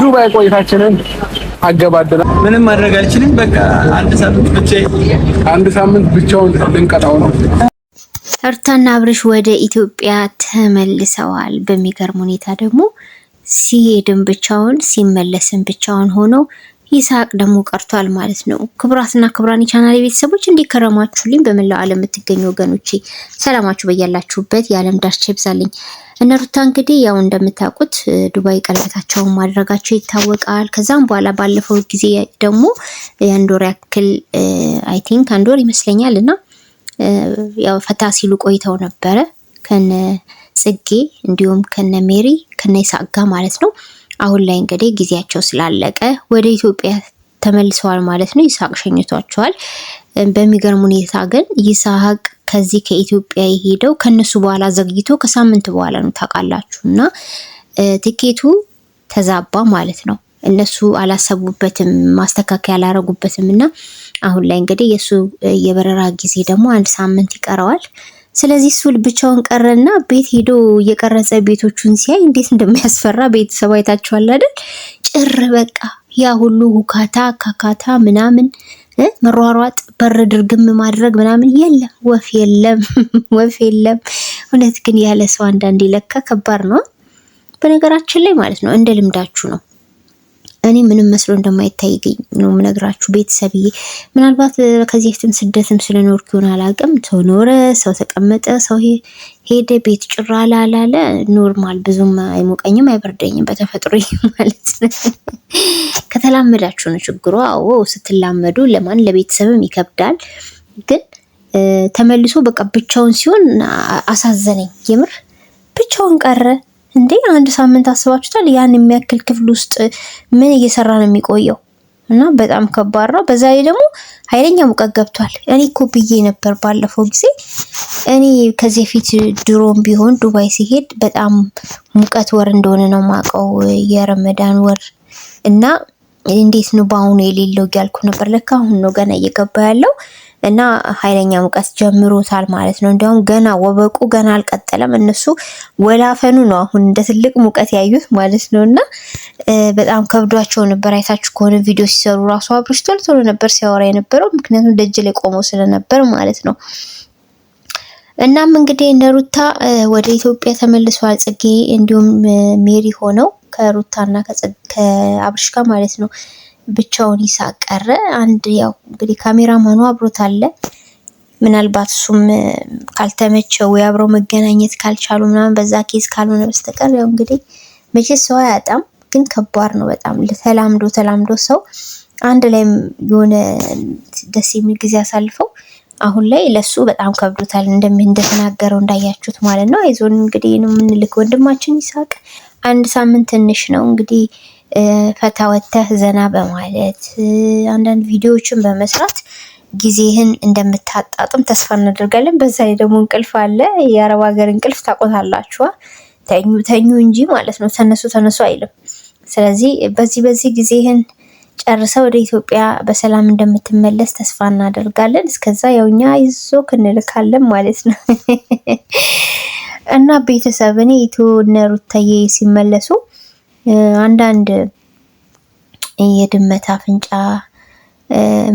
ዱባይ ቆይታችንን አገባደናል። ምንም ማድረግ አልችልም። በቃ አንድ ሳምንት ብቻ አንድ ሳምንት ብቻውን ልንቀጣው ነው። ሩታና አብርሽ ወደ ኢትዮጵያ ተመልሰዋል። በሚገርም ሁኔታ ደግሞ ሲሄድም ብቻውን ሲመለስም ብቻውን ሆኖ ይስሐቅ ደግሞ ቀርቷል ማለት ነው። ክቡራትና ክቡራን የቻናል ቤተሰቦች እንዲህ ከረማችሁልኝ? በመላው ዓለም የምትገኙ ወገኖቼ ሰላማችሁ በያላችሁበት የዓለም ዳርቻ ይብዛልኝ። እነሩታ እንግዲህ ያው እንደምታውቁት ዱባይ ቀለበታቸውን ማድረጋቸው ይታወቃል። ከዛም በኋላ ባለፈው ጊዜ ደግሞ የአንድ ወር ያክል አይ ቲንክ አንድ ወር ይመስለኛል እና ያው ፈታ ሲሉ ቆይተው ነበረ ከነ ጽጌ እንዲሁም ከነ ሜሪ ከነ ይስሐቅ ጋር ማለት ነው አሁን ላይ እንግዲህ ጊዜያቸው ስላለቀ ወደ ኢትዮጵያ ተመልሰዋል ማለት ነው። ይስሐቅ ሸኝቷቸዋል። በሚገርም ሁኔታ ግን ይስሐቅ ከዚህ ከኢትዮጵያ የሄደው ከነሱ በኋላ ዘግይቶ ከሳምንት በኋላ ነው ታውቃላችሁ። እና ትኬቱ ተዛባ ማለት ነው። እነሱ አላሰቡበትም፣ ማስተካከያ አላረጉበትም። እና አሁን ላይ እንግዲህ የእሱ የበረራ ጊዜ ደግሞ አንድ ሳምንት ይቀረዋል። ስለዚህ ሱል ብቻውን ቀረና ቤት ሄዶ እየቀረጸ ቤቶቹን ሲያይ እንዴት እንደሚያስፈራ ቤተሰብ አይታችኋል አይደል? ጭር በቃ ያ ሁሉ ሁካታ ካካታ ምናምን መሯሯጥ በር ድርግም ማድረግ ምናምን የለም፣ ወፍ የለም፣ ወፍ የለም። እውነት ግን ያለ ሰው አንዳንዴ ለካ ከባድ ነው። በነገራችን ላይ ማለት ነው እንደ ልምዳችሁ ነው። እኔ ምንም መስሎ እንደማይታይ ነው የምነግራችሁ ቤተሰብዬ። ምናልባት ከዚህ በፊትም ስደትም ስለኖር ኪሆን አላውቅም። ሰው ኖረ፣ ሰው ተቀመጠ፣ ሰው ሄደ፣ ቤት ጭራ ላላለ ኖርማል ብዙም አይሞቀኝም አይበርደኝም በተፈጥሮ ማለት ነው። ከተላመዳችሁ ነው ችግሩ። አዎ ስትላመዱ ለማን ለቤተሰብም ይከብዳል። ግን ተመልሶ በቃ ብቻውን ሲሆን አሳዘነኝ የምር ብቻውን ቀረ። እንዴ አንድ ሳምንት አስባችሁታል? ያን የሚያክል ክፍል ውስጥ ምን እየሰራ ነው የሚቆየው? እና በጣም ከባድ ነው። በዛ ላይ ደግሞ ኃይለኛ ሙቀት ገብቷል። እኔ እኮ ብዬ ነበር ባለፈው ጊዜ እኔ ከዚህ በፊት ድሮም ቢሆን ዱባይ ሲሄድ በጣም ሙቀት ወር እንደሆነ ነው ማቀው የረመዳን ወር እና እንዴት ነው በአሁኑ የሌለው እያልኩ ነበር። ለካ አሁን ነው ገና እየገባ ያለው እና ኃይለኛ ሙቀት ጀምሮታል ማለት ነው። እንዲያውም ገና ወበቁ ገና አልቀጠለም። እነሱ ወላፈኑ ነው አሁን እንደ ትልቅ ሙቀት ያዩት ማለት ነው። እና በጣም ከብዷቸው ነበር። አይታችሁ ከሆነ ቪዲዮ ሲሰሩ ራሱ አብሮች ቶሎ ቶሎ ነበር ሲያወራ የነበረው፣ ምክንያቱም ደጅ ላይ ቆመው ስለነበር ማለት ነው። እናም እንግዲህ እነ ሩታ ወደ ኢትዮጵያ ተመልሷል፣ ጽጌ እንዲሁም ሜሪ ሆነው ከሩታና ከአብርሽ ጋር ማለት ነው። ብቻውን ይሳቅ ቀረ። አንድ ያው እንግዲህ ካሜራ ማኑ አብሮት አለ። ምናልባት እሱም ካልተመቸው ወይ አብረው መገናኘት ካልቻሉ ምናምን በዛ ኬዝ ካልሆነ በስተቀር ያው እንግዲህ መቼ ሰው አያጣም። ግን ከባድ ነው በጣም ተላምዶ ተላምዶ ሰው አንድ ላይ የሆነ ደስ የሚል ጊዜ አሳልፈው አሁን ላይ ለሱ በጣም ከብዶታል። እንደምን እንደተናገረው እንዳያችሁት ማለት ነው። አይዞን እንግዲህ ነው የምንልክ ወንድማችን ይሳቅ አንድ ሳምንት ትንሽ ነው እንግዲህ ፈታ ወተህ ዘና በማለት አንዳንድ ቪዲዮዎችን በመስራት ጊዜህን እንደምታጣጥም ተስፋ እናደርጋለን። በዛ ላይ ደግሞ እንቅልፍ አለ። የአረብ ሀገር እንቅልፍ ታቆታላችኋ። ተኙ ተኙ እንጂ ማለት ነው፣ ተነሱ ተነሱ አይልም። ስለዚህ በዚህ በዚህ ጊዜህን ጨርሰ ወደ ኢትዮጵያ በሰላም እንደምትመለስ ተስፋ እናደርጋለን። እስከዛ ያው እኛ ይዞ ክንልካለን ማለት ነው። እና ቤተሰብ እኔ ኢትዮ እነ ሩታዬ ሲመለሱ አንዳንድ የድመት አፍንጫ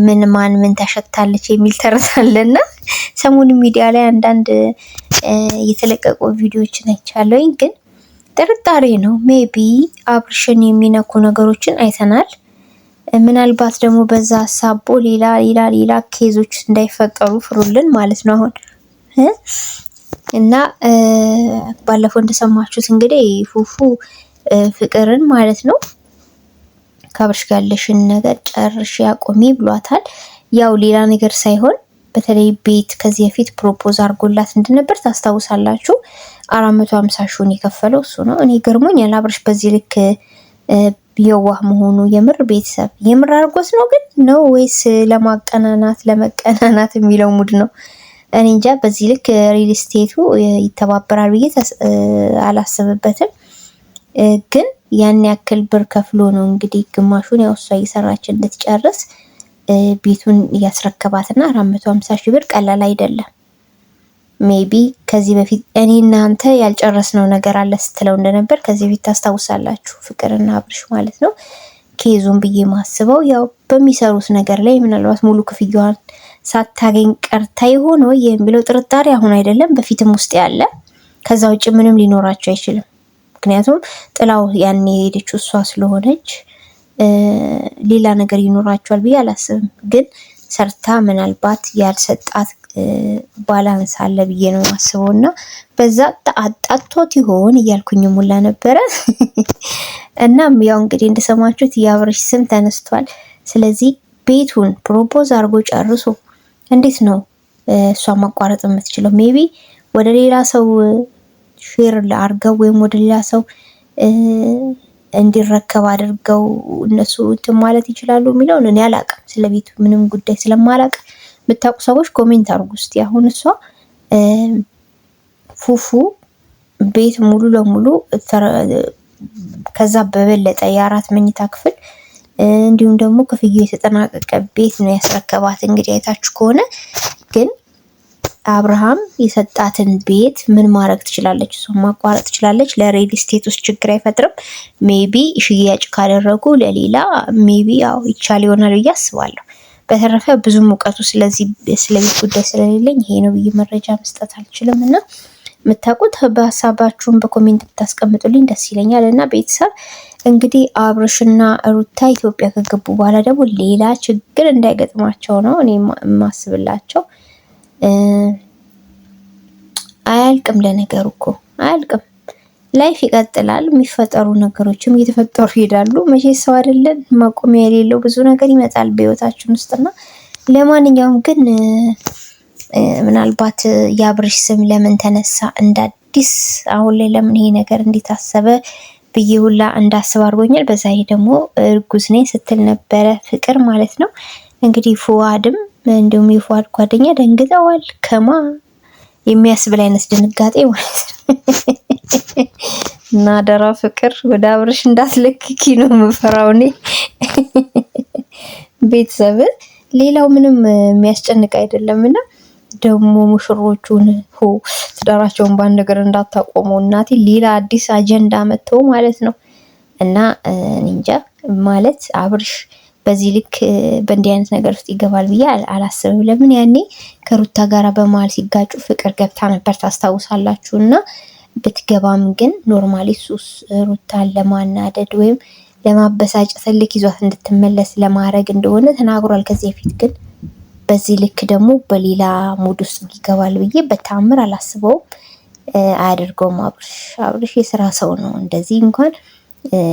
ምን ማን ምን ታሸታለች የሚል ተረት አለና ሰሞኑ ሚዲያ ላይ አንዳንድ የተለቀቁ ቪዲዮዎችን አይቻለሁኝ። ግን ጥርጣሬ ነው። ሜቢ አብርሽን የሚነኩ ነገሮችን አይተናል። ምናልባት ደግሞ በዛ ሀሳቦ ሌላ ሌላ ሌላ ኬዞች እንዳይፈጠሩ ፍሩልን ማለት ነው አሁን እና ባለፈው እንደሰማችሁት እንግዲህ ፉፉ ፍቅርን ማለት ነው ከአብርሽ ጋር ያለሽን ነገር ጨርሽ ያቆሚ ብሏታል። ያው ሌላ ነገር ሳይሆን በተለይ ቤት ከዚህ በፊት ፕሮፖዝ አድርጎላት እንደነበር ታስታውሳላችሁ። አራት መቶ ሀምሳ ሺውን የከፈለው እሱ ነው። እኔ ገርሞኛል አብርሽ በዚህ ልክ የዋህ መሆኑ የምር ቤተሰብ የምር አድርጎት ነው ግን ነው ወይስ ለማቀናናት ለመቀናናት የሚለው ሙድ ነው? እኔ እንጃ በዚህ ልክ ሪል ስቴቱ ይተባበራል ብዬ አላስብበትም። ግን ያን ያክል ብር ከፍሎ ነው እንግዲህ ግማሹን ያው እሷ እየሰራች እንድትጨርስ ቤቱን እያስረከባትና አራት መቶ ሀምሳ ሺህ ብር ቀላል አይደለም። ሜቢ ከዚህ በፊት እኔ እናንተ ያልጨረስነው ነገር አለ ስትለው እንደነበር ከዚህ በፊት ታስታውሳላችሁ። ፍቅርና አብርሽ ማለት ነው። ኬዙን ብዬ ማስበው ያው በሚሰሩት ነገር ላይ ምናልባት ሙሉ ክፍያዋን ሳታገኝ ቀርታ ይሆን ወይ የሚለው ጥርጣሬ አሁን አይደለም በፊትም ውስጥ ያለ። ከዛ ውጭ ምንም ሊኖራቸው አይችልም። ምክንያቱም ጥላው ያኔ የሄደችው እሷ ስለሆነች ሌላ ነገር ይኖራቸዋል ብዬ አላስብም። ግን ሰርታ ምናልባት ያልሰጣት ባላንስ አለ ብዬ ነው የማስበው። እና በዛ አጣቶት ይሆን እያልኩኝ ሙላ ነበረ። እናም ያው እንግዲህ እንደሰማችሁት የአብርሽ ስም ተነስቷል። ስለዚህ ቤቱን ፕሮፖዝ አድርጎ ጨርሶ እንዴት ነው እሷ ማቋረጥ የምትችለው? ሜቢ ወደ ሌላ ሰው ሼር አድርገው ወይም ወደ ሌላ ሰው እንዲረከብ አድርገው እነሱ እንትን ማለት ይችላሉ የሚለውን እኔ አላቅም። ስለ ቤቱ ምንም ጉዳይ ስለማላቅ የምታውቁ ሰዎች ኮሜንት አድርጉ ውስጥ አሁን እሷ ፉፉ ቤት ሙሉ ለሙሉ ከዛ በበለጠ የአራት መኝታ ክፍል እንዲሁም ደግሞ ክፍያው የተጠናቀቀ ቤት ነው ያስረከባት። እንግዲህ አይታችሁ ከሆነ ግን አብርሃም የሰጣትን ቤት ምን ማድረግ ትችላለች? እሷ ማቋረጥ ትችላለች። ለሬል ስቴት ውስጥ ችግር አይፈጥርም። ሜቢ ሽያጭ ካደረጉ ለሌላ ሜቢ ያው ይቻል ይሆናል ብዬ አስባለሁ። በተረፈ ብዙም እውቀቱ ስለዚህ ስለቤት ጉዳይ ስለሌለኝ ይሄ ነው ብዬ መረጃ መስጠት አልችልም እና የምታውቁት በሀሳባችሁን በኮሜንት ብታስቀምጡልኝ ደስ ይለኛል እና ቤተሰብ እንግዲህ አብርሽና ሩታ ኢትዮጵያ ከገቡ በኋላ ደግሞ ሌላ ችግር እንዳይገጥማቸው ነው እኔ የማስብላቸው። አያልቅም፣ ለነገሩ እኮ አያልቅም። ላይፍ ይቀጥላል። የሚፈጠሩ ነገሮችም እየተፈጠሩ ይሄዳሉ። መቼ ሰው አይደለን፣ ማቆሚያ የሌለው ብዙ ነገር ይመጣል በህይወታችን ውስጥና ለማንኛውም ግን ምናልባት የአብርሽ ስም ለምን ተነሳ እንደ አዲስ አሁን ላይ ለምን ይሄ ነገር እንዲታሰበ ብዬ ሁላ እንዳስብ አድርጎኛል። በዛ ይሄ ደግሞ እርጉዝ ነኝ ስትል ነበረ ፍቅር ማለት ነው። እንግዲህ ፉአድም እንዲሁም የፉአድ ጓደኛ ደንግጠዋል። ከማ የሚያስብል አይነት ድንጋጤ ማለት ነው። እና አደራ ፍቅር ወደ አብርሽ እንዳትለክኪ ነው የምፈራው እኔ ቤተሰብ። ሌላው ምንም የሚያስጨንቅ አይደለም እና ደግሞ ሙሽሮቹን ትዳራቸውን በአንድ ነገር እንዳታቆሙ እናቴ ሌላ አዲስ አጀንዳ መጥተው ማለት ነው። እና እንጃ ማለት አብርሽ በዚህ ልክ በእንዲህ አይነት ነገር ውስጥ ይገባል ብዬ አላስብም። ለምን ያኔ ከሩታ ጋር በመሀል ሲጋጩ ፍቅር ገብታ ነበር ታስታውሳላችሁ። እና ብትገባም ግን ኖርማሊ ሱስ ሩታን ለማናደድ ወይም ለማበሳጨት ልክ ይዟት እንድትመለስ ለማድረግ እንደሆነ ተናግሯል ከዚህ በፊት ግን በዚህ ልክ ደግሞ በሌላ ሙድ ውስጥ ይገባል ብዬ በተአምር አላስበውም። አያደርገውም። አብርሽ አብርሽ የስራ ሰው ነው። እንደዚህ እንኳን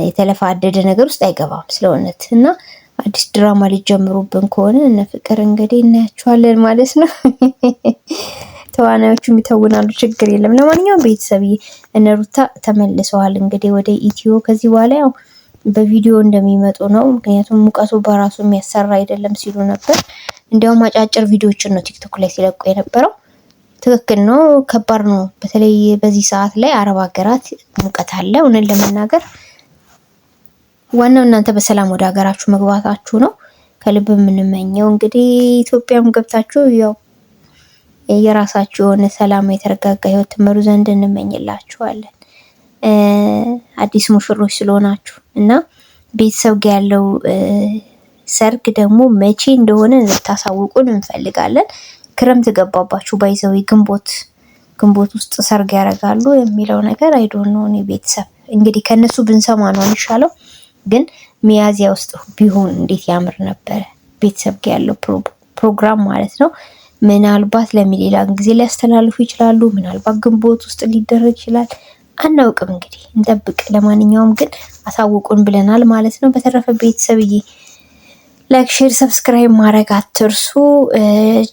የተለፋደደ ነገር ውስጥ አይገባም። ስለ እውነት እና አዲስ ድራማ ሊጀምሩብን ከሆነ እነ ፍቅር እንግዲህ እናያቸዋለን ማለት ነው። ተዋናዮቹም ይተውናሉ፣ ችግር የለም። ለማንኛውም ቤተሰብ እነ ሩታ ተመልሰዋል እንግዲህ ወደ ኢትዮ ከዚህ በኋላ ያው በቪዲዮ እንደሚመጡ ነው። ምክንያቱም ሙቀቱ በራሱ የሚያሰራ አይደለም ሲሉ ነበር። እንዲያውም አጫጭር ቪዲዮዎችን ነው ቲክቶክ ላይ ሲለቁ የነበረው። ትክክል ነው፣ ከባድ ነው። በተለይ በዚህ ሰዓት ላይ አረብ ሀገራት ሙቀት አለ። እውነት ለመናገር ዋናው እናንተ በሰላም ወደ ሀገራችሁ መግባታችሁ ነው። ከልብ የምንመኘው እንግዲህ ኢትዮጵያም ገብታችሁ ያው የራሳችሁ የሆነ ሰላም የተረጋጋ ህይወት ትመሩ ዘንድ እንመኝላችኋለን። አዲስ ሙሽሮች ስለሆናችሁ እና ቤተሰብ ጋር ያለው ሰርግ ደግሞ መቼ እንደሆነ እንድታሳውቁን እንፈልጋለን። ክረምት ገባባችሁ ባይዘው ግንቦት ግንቦት ውስጥ ሰርግ ያደርጋሉ የሚለው ነገር አይዶን እኔ ቤተሰብ እንግዲህ ከነሱ ብንሰማ ነው የሚሻለው። ግን ሚያዚያ ውስጥ ቢሆን እንዴት ያምር ነበረ። ቤተሰብ ጋር ያለው ፕሮግራም ማለት ነው። ምናልባት ለሚሌላ ጊዜ ሊያስተላልፉ ይችላሉ። ምናልባት ግንቦት ውስጥ ሊደረግ ይችላል። አናውቅም እንግዲህ እንጠብቅ። ለማንኛውም ግን አሳውቁን ብለናል ማለት ነው። በተረፈ ቤተሰብዬ ላይክ፣ ሼር፣ ሰብስክራይብ ማድረግ አትርሱ።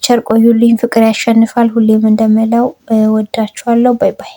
ቸር ቆዩልኝ። ፍቅር ያሸንፋል። ሁሌም እንደምለው ወዳችኋለሁ። ባይ ባይ።